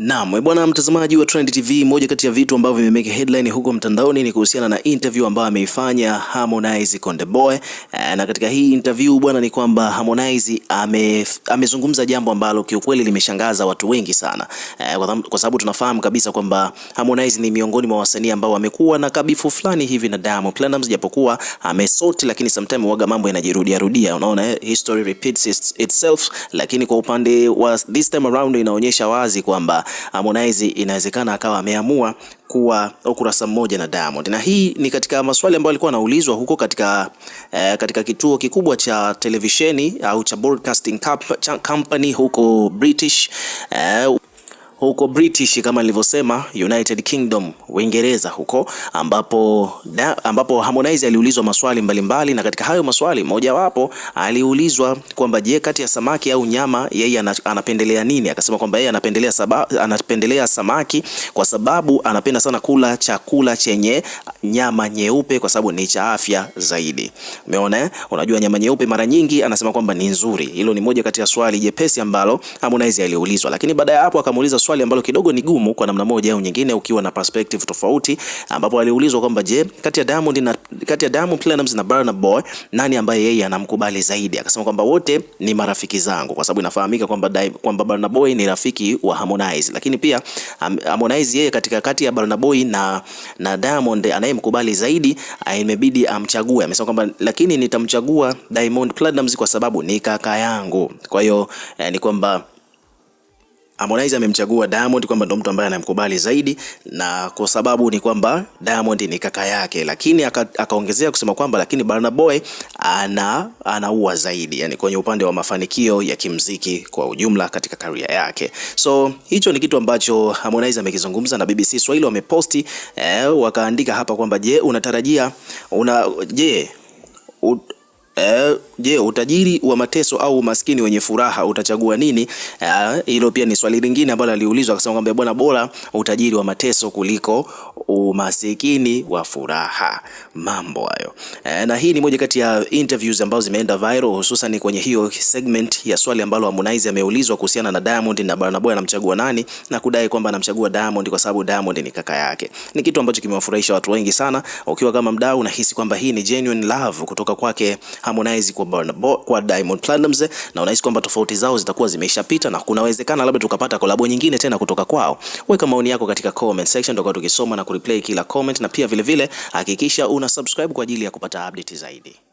Naam, eh, bwana mtazamaji wa Trend TV, moja kati ya vitu ambavyo vimemeka headline huko mtandaoni ni kuhusiana na interview ambayo ameifanya Harmonize Konde Boy. Eh, na katika hii interview bwana, ni kwamba Harmonize ame, amezungumza jambo ambalo kiukweli limeshangaza watu wengi sana, eh, kwa sababu tunafahamu kabisa kwamba Harmonize ni miongoni mwa wasanii ambao wamekuwa na kabifu fulani hivi na Diamond Platnumz, japokuwa amesoti, lakini sometime waga mambo yanajirudia rudia, unaona history repeats itself, lakini kwa upande wa this time around inaonyesha wazi kwamba Harmonize inawezekana akawa ameamua kuwa ukurasa mmoja na Diamond, na hii ni katika maswali ambayo alikuwa anaulizwa huko katika, eh, katika kituo kikubwa cha televisheni au cha Broadcasting Company huko British eh, huko British kama nilivyosema, United Kingdom, Uingereza huko ambapo, da, ambapo Harmonize aliulizwa maswali mbalimbali mbali, na katika hayo maswali mojawapo aliulizwa kwamba je, kati ya samaki au nyama yeye anapendelea nini? Akasema kwamba yeye anapendelea, anapendelea samaki kwa sababu anapenda sana kula chakula chenye nyama nyeupe kwa sababu ni cha afya zaidi. Umeona, unajua nyama nyeupe mara nyingi anasema kwamba ni nzuri. Hilo ni moja kati ya swali jepesi ambalo Harmonize aliulizwa, lakini baada ya hapo akamuuliza swali ambalo kidogo ni gumu kwa namna moja au nyingine, ukiwa na perspective tofauti, ambapo aliulizwa kwamba je, kati ya Diamond na kati ya Diamond Platnumz na Burna Boy nani ambaye yeye anamkubali zaidi? Akasema kwamba wote ni marafiki zangu, kwa sababu inafahamika kwamba kwamba Burna Boy ni rafiki wa Harmonize, lakini pia Harmonize yeye katika kati ya Burna Boy na na Diamond anayemkubali zaidi ah, imebidi amchague. Amesema kwamba lakini nitamchagua Diamond Platnumz kwa sababu ni kaka yangu. Kwa hiyo eh, ni kwamba Harmonize amemchagua Diamond kwamba ndo mtu ambaye anamkubali zaidi, na kwa sababu ni kwamba Diamond ni kaka yake, lakini akaongezea aka kusema kwamba lakini Burna Boy ana anaua zaidi, yani kwenye upande wa mafanikio ya kimziki kwa ujumla katika karia yake. So hicho ni kitu ambacho Harmonize amekizungumza na BBC Swahili wameposti, eh, wakaandika hapa kwamba je, unatarajia una je Eh, je, uh, utajiri wa mateso au umaskini wenye furaha utachagua nini? Eh, hilo uh, pia ni swali lingine ambalo aliulizwa, akasema kwamba bwana, bora utajiri wa mateso kuliko umasikini wa furaha. Mambo hayo uh, na hii ni moja kati ya interviews ambazo zimeenda viral, hususan kwenye hiyo segment ya swali ambalo Harmonize ameulizwa kuhusiana na Diamond na Burna Boy anamchagua nani, na kudai kwamba anamchagua Diamond kwa sababu Diamond ni kaka yake. Ni kitu ambacho kimewafurahisha watu wengi sana. Ukiwa kama mdau, unahisi kwamba hii ni genuine love kutoka kwake Harmonize kwa Burna kwa Diamond Platnumz, na unahisi kwamba tofauti zao zitakuwa zimeishapita na kunawezekana labda tukapata kolabo nyingine tena kutoka kwao? Weka maoni yako katika comment section, tutakuwa tukisoma na kureplay kila comment, na pia vilevile hakikisha vile, una subscribe kwa ajili ya kupata update zaidi.